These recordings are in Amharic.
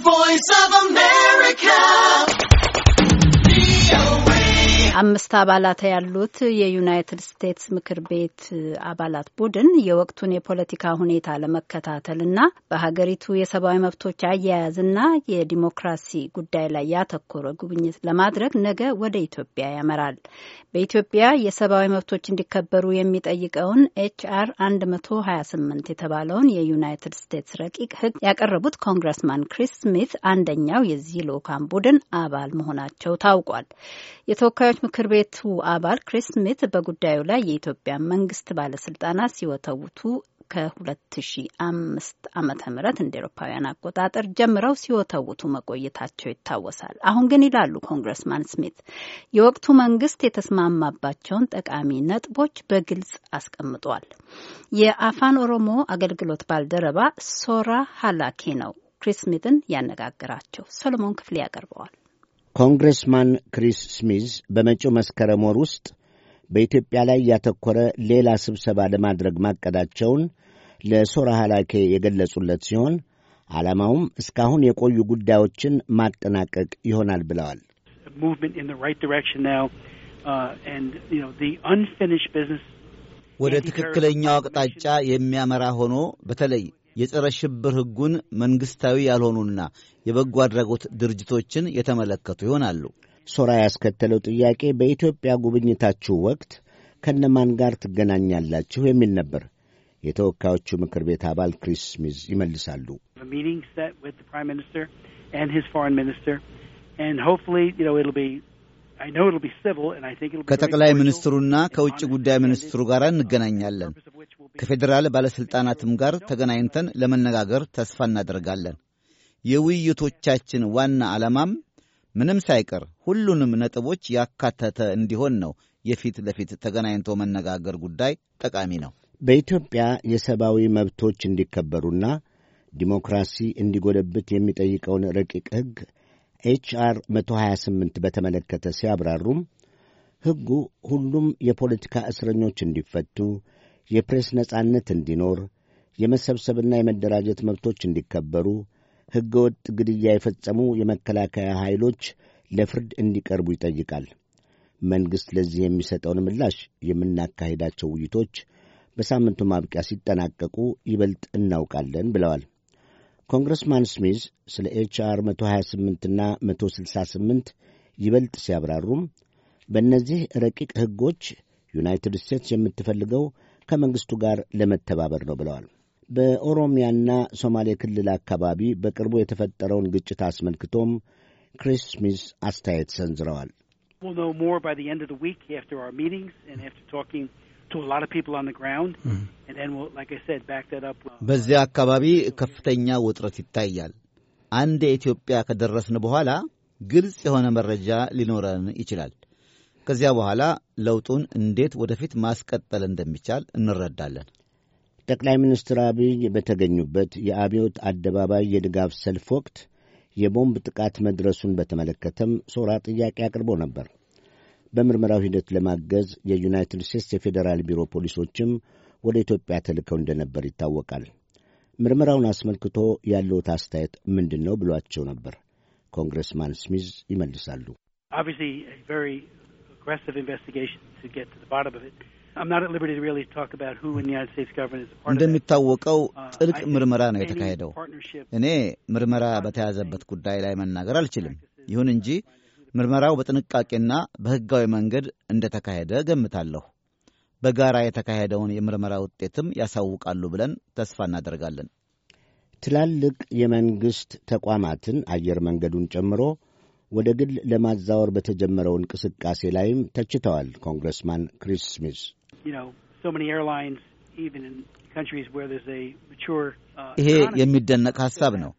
voice of a man. አምስት አባላት ያሉት የዩናይትድ ስቴትስ ምክር ቤት አባላት ቡድን የወቅቱን የፖለቲካ ሁኔታ ለመከታተልና በሀገሪቱ የሰብአዊ መብቶች አያያዝና የዲሞክራሲ ጉዳይ ላይ ያተኮረ ጉብኝት ለማድረግ ነገ ወደ ኢትዮጵያ ያመራል። በኢትዮጵያ የሰብአዊ መብቶች እንዲከበሩ የሚጠይቀውን ኤች አር 128 የተባለውን የዩናይትድ ስቴትስ ረቂቅ ሕግ ያቀረቡት ኮንግረስማን ክሪስ ስሚት አንደኛው የዚህ ልኡካን ቡድን አባል መሆናቸው ታውቋል። የተወካዮች ምክር ቤቱ አባል ክሪስ ስሚት በጉዳዩ ላይ የኢትዮጵያ መንግስት ባለስልጣናት ሲወተውቱ ከ2005 ዓ ምህረት እንደ ኤሮፓውያን አቆጣጠር ጀምረው ሲወተውቱ መቆየታቸው ይታወሳል። አሁን ግን ይላሉ ኮንግረስማን ስሚት የወቅቱ መንግስት የተስማማባቸውን ጠቃሚ ነጥቦች በግልጽ አስቀምጧል። የአፋን ኦሮሞ አገልግሎት ባልደረባ ሶራ ሀላኬ ነው ክሪስ ስሚትን ያነጋግራቸው። ሰሎሞን ክፍሌ ያቀርበዋል። ኮንግሬስማን ክሪስ ስሚዝ በመጪው መስከረም ወር ውስጥ በኢትዮጵያ ላይ ያተኮረ ሌላ ስብሰባ ለማድረግ ማቀዳቸውን ለሶራ ሃላኬ የገለጹለት ሲሆን ዓላማውም እስካሁን የቆዩ ጉዳዮችን ማጠናቀቅ ይሆናል ብለዋል። uh, ወደ ትክክለኛው አቅጣጫ የሚያመራ ሆኖ በተለይ የጸረ ሽብር ሕጉን መንግሥታዊ ያልሆኑና የበጎ አድራጎት ድርጅቶችን የተመለከቱ ይሆናሉ። ሶራ ያስከተለው ጥያቄ በኢትዮጵያ ጉብኝታችሁ ወቅት ከነማን ጋር ትገናኛላችሁ የሚል ነበር። የተወካዮቹ ምክር ቤት አባል ክሪስ ሚዝ ይመልሳሉ። ከጠቅላይ ሚኒስትሩና ከውጭ ጉዳይ ሚኒስትሩ ጋር እንገናኛለን። ከፌዴራል ባለሥልጣናትም ጋር ተገናኝተን ለመነጋገር ተስፋ እናደርጋለን። የውይይቶቻችን ዋና ዓላማም ምንም ሳይቀር ሁሉንም ነጥቦች ያካተተ እንዲሆን ነው። የፊት ለፊት ተገናኝቶ መነጋገር ጉዳይ ጠቃሚ ነው። በኢትዮጵያ የሰብአዊ መብቶች እንዲከበሩና ዲሞክራሲ እንዲጎለብት የሚጠይቀውን ረቂቅ ሕግ ኤችአር 128 በተመለከተ ሲያብራሩም ሕጉ ሁሉም የፖለቲካ እስረኞች እንዲፈቱ፣ የፕሬስ ነጻነት እንዲኖር፣ የመሰብሰብና የመደራጀት መብቶች እንዲከበሩ፣ ሕገ ወጥ ግድያ የፈጸሙ የመከላከያ ኃይሎች ለፍርድ እንዲቀርቡ ይጠይቃል። መንግሥት ለዚህ የሚሰጠውን ምላሽ የምናካሄዳቸው ውይይቶች በሳምንቱ ማብቂያ ሲጠናቀቁ ይበልጥ እናውቃለን ብለዋል። ኮንግረስማን ስሚዝ ስለ አር 128ና 168 ይበልጥ ሲያብራሩም በእነዚህ ረቂቅ ሕጎች ዩናይትድ ስቴትስ የምትፈልገው ከመንግሥቱ ጋር ለመተባበር ነው ብለዋል። በኦሮሚያና ሶማሌ ክልል አካባቢ በቅርቡ የተፈጠረውን ግጭት አስመልክቶም ክሪስ ስሚዝ አስተያየት ሰንዝረዋል። Mm-hmm. Uh, በዚያ አካባቢ ከፍተኛ ውጥረት ይታያል። አንድ የኢትዮጵያ ከደረስን በኋላ ግልጽ የሆነ መረጃ ሊኖረን ይችላል። ከዚያ በኋላ ለውጡን እንዴት ወደፊት ማስቀጠል እንደሚቻል እንረዳለን። ጠቅላይ ሚኒስትር አብይ በተገኙበት የአብዮት አደባባይ የድጋፍ ሰልፍ ወቅት የቦምብ ጥቃት መድረሱን በተመለከተም ሶራ ጥያቄ አቅርቦ ነበር። በምርመራው ሂደት ለማገዝ የዩናይትድ ስቴትስ የፌዴራል ቢሮ ፖሊሶችም ወደ ኢትዮጵያ ተልከው እንደነበር ይታወቃል። ምርመራውን አስመልክቶ ያለውት አስተያየት ምንድን ነው ብሏቸው ነበር። ኮንግረስማን ስሚዝ ይመልሳሉ። እንደሚታወቀው uh, ጥልቅ ምርመራ ነው የተካሄደው። እኔ ምርመራ በተያዘበት ጉዳይ ላይ መናገር አልችልም። ይሁን እንጂ ምርመራው በጥንቃቄና በሕጋዊ መንገድ እንደተካሄደ ገምታለሁ። በጋራ የተካሄደውን የምርመራ ውጤትም ያሳውቃሉ ብለን ተስፋ እናደርጋለን። ትላልቅ የመንግሥት ተቋማትን አየር መንገዱን ጨምሮ ወደ ግል ለማዛወር በተጀመረው እንቅስቃሴ ላይም ተችተዋል። ኮንግረስማን ክሪስ ስሚዝ። uh, ይሄ የሚደነቅ ሐሳብ ነው።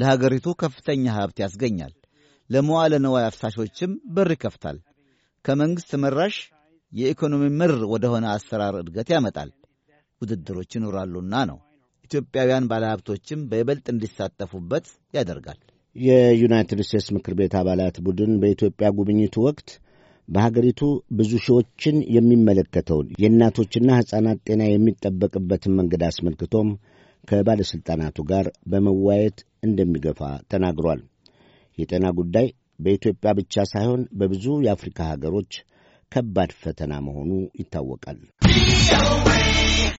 ለሀገሪቱ ከፍተኛ ሀብት ያስገኛል። ለመዋለ ነዋይ አፍሳሾችም በር ይከፍታል። ከመንግሥት መራሽ የኢኮኖሚ ምር ወደሆነ አሰራር እድገት ያመጣል። ውድድሮች ይኖራሉና ነው። ኢትዮጵያውያን ባለሀብቶችም በይበልጥ እንዲሳተፉበት ያደርጋል። የዩናይትድ ስቴትስ ምክር ቤት አባላት ቡድን በኢትዮጵያ ጉብኝቱ ወቅት በሀገሪቱ ብዙ ሺዎችን የሚመለከተውን የእናቶችና ሕፃናት ጤና የሚጠበቅበትን መንገድ አስመልክቶም ከባለሥልጣናቱ ጋር በመዋየት እንደሚገፋ ተናግሯል። የጤና ጉዳይ በኢትዮጵያ ብቻ ሳይሆን በብዙ የአፍሪካ ሀገሮች ከባድ ፈተና መሆኑ ይታወቃል።